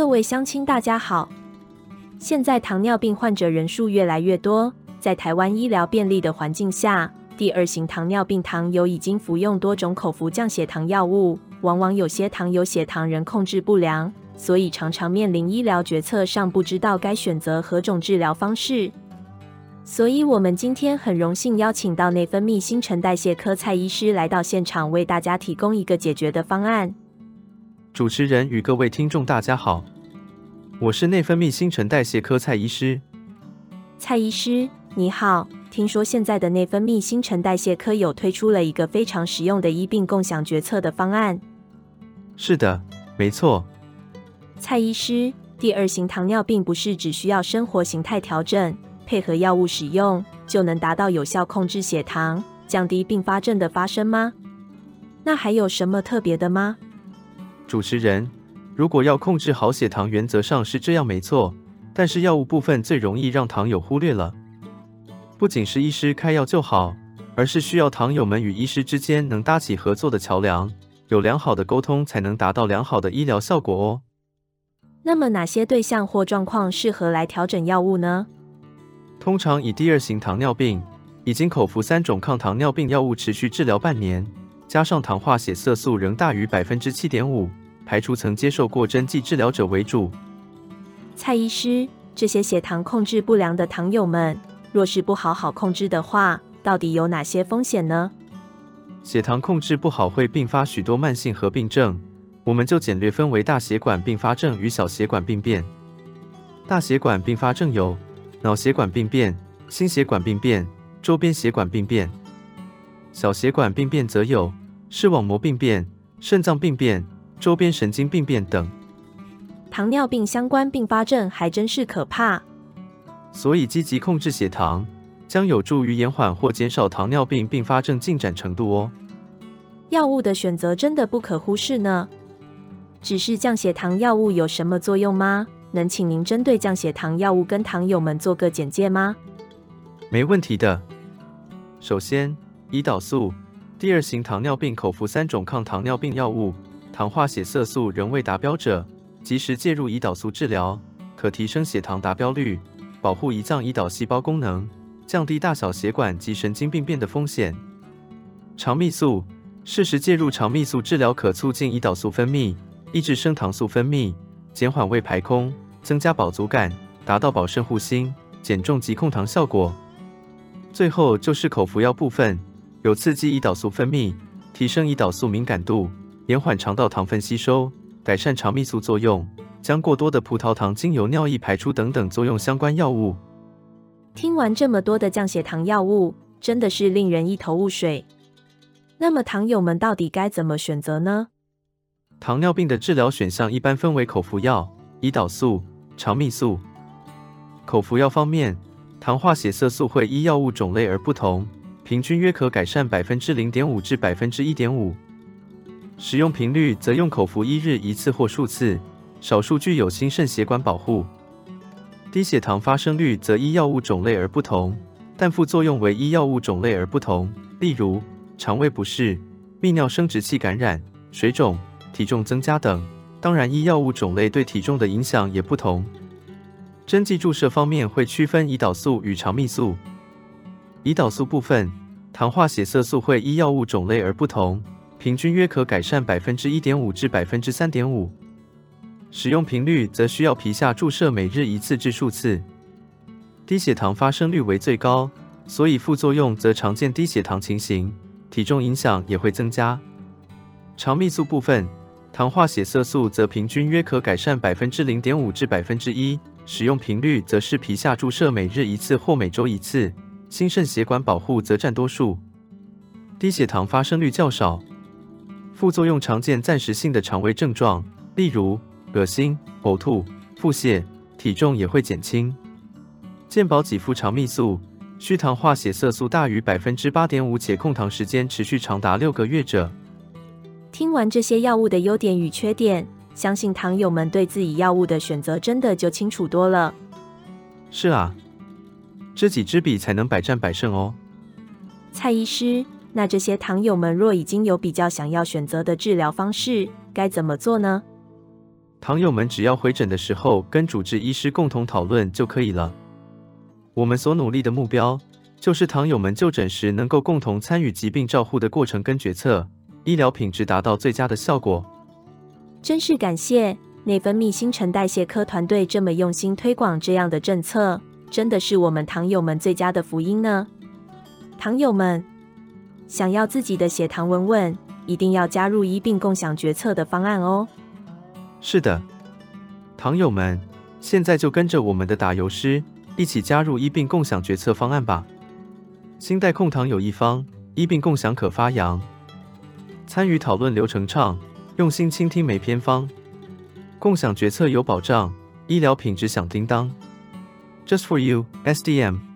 各位鄉親，大家好。現在糖尿病患者人數越來越多，在台灣醫療便利的環境下，第二型糖尿病糖友已經服用多種口服降血糖藥物，往往有些糖友血糖仍控制不良，所以常常面臨醫療決策上不知道該選擇何種治療方式。所以，我們今天很榮幸邀請到內分泌新陳代謝科蔡醫師來到現場，為大家提供一個解決的方案。主持人與各位聽眾，大家好，我是內分泌新陳代謝科蔡醫師。蔡醫師，你好，聽說現在的內分泌新陳代謝科有推出了一個非常實用的醫病共享決策的方案。是的，沒錯。蔡醫師，第二型糖尿病不是只需要生活形態調整，配合藥物使用就能達到有效控制血糖、降低併發症的發生嗎？那還有什麼特別的嗎？主持人，如果要控制好血糖，原則上是這樣，沒錯。但是藥物部分最容易讓糖友忽略了，不僅是醫師開藥就好，而是需要糖友們與醫師之間能搭起合作的橋梁，有良好的溝通，才能達到良好的醫療效果哦。那麼哪些對象或狀況適合來調整藥物呢？通常以第二型糖尿病，已經口服三種抗糖尿病藥物持續治療半年，加上糖化血色素仍大於百分之七點五。排除曾接受過針劑治療者為主。蔡醫師，這些血糖控制不良的糖友們，若是不好好控制的話，到底有哪些風險呢？血糖控制不好會併發許多慢性合併症，我們就簡略分為大血管併發症與小血管病變。大血管併發症有腦血管病變、心血管病變、周邊血管病變；小血管病變則有視網膜病變、腎臟病變。周邊神經病變等，糖尿病相關併發症還真是可怕。所以積極控制血糖將有助於延緩或減少糖尿病併發症進展程度哦。藥物的選擇真的不可忽視呢？只是降血糖藥物有什麼作用嗎？能請您針對降血糖藥物跟糖友們做個簡介嗎？沒問題的。首先，胰島素、第二型糖尿病口服三種抗糖尿病藥物。糖化血色素仍未達標者，及時介入胰島素治療，可提升血糖達標率，保護胰臟胰島細胞功能，降低大小血管及神經病變的風險。腸泌素，適時介入腸泌素治療，可促進胰島素分泌，抑制升糖素分泌，減緩胃排空，增加飽足感，達到保腎護心、減重及控糖效果。最後就是口服藥部分，有刺激胰島素分泌，提升胰島素敏感度。延緩腸道糖分吸收，改善腸泌素作用，將過多的葡萄糖經由尿液排出等等作用相關藥物。聽完這麼多的降血糖藥物，真的是令人一頭霧水。那麼糖友們到底該怎麼選擇呢？糖尿病的治療選項一般分為口服藥、胰島素、腸泌素。口服藥方面，糖化血色素會依藥物種類而不同，平均約可改善百分之零點五至百分之一點五。使用頻率則用口服一日一次或數次，少數具有心腎血管保護。低血糖發生率則依藥物種類而不同，但副作用為依藥物種類而不同，例如腸胃不適、泌尿生殖器感染、水腫、體重增加等。當然，依藥物種類對體重的影響也不同。針劑注射方面會區分胰島素與腸泌素。胰島素部分，糖化血色素會依藥物種類而不同。平均約可改善百分之一點五至百分之三點五，使用頻率則需要皮下注射每日一次至數次，低血糖發生率為最高，所以副作用則常見低血糖情形，體重影響也會增加。腸泌素部分，糖化血色素則平均約可改善百分之零點五至百分之一，使用頻率則是皮下注射每日一次或每週一次，心腎血管保護則佔多數，低血糖發生率較少。副作用常見暫時性的腸胃症狀，例如噁心、嘔吐、腹瀉，體重也會減輕。健保給付腸泌素，需糖化血色素大於百分之八點五且控糖時間持續長達六個月者。聽完這些藥物的優點與缺點，相信糖友們對自己藥物的選擇真的就清楚多了。是啊，知己知彼才能百戰百勝哦。蔡醫師。那這些糖友們若已經有比較想要選擇的治療方式，該怎麼做呢？糖友們只要回診的時候跟主治醫師共同討論就可以了。我們所努力的目標，就是糖友們就診時能夠共同參與疾病照護的過程跟決策，醫療品質達到最佳的效果。真是感謝內分泌新陳代謝科團隊這麼用心推廣這樣的政策，真的是我們糖友們最佳的福音呢！糖友們，想要自己的血糖穩穩，一定要加入醫病共享決策的方案哦。是的，糖友們，現在就跟着我們的打油詩一起加入醫病共享決策方案吧。新代控糖有一方，醫病共享可發揚。參與討論流程暢，用心傾聽沒偏方。共享決策有保障，醫療品質響叮噹。Just for you, SDM。